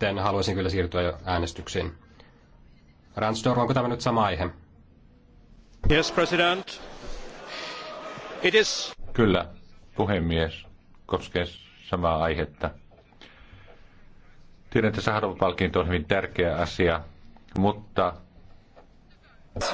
sitten haluaisin kyllä siirtyä jo äänestyksiin. Ransdor, onko tämä nyt sama aihe? Yes, president. It is... Kyllä, puhemies, koskee samaa aihetta. Tiedän, että Saharov-palkinto on hyvin tärkeä asia, mutta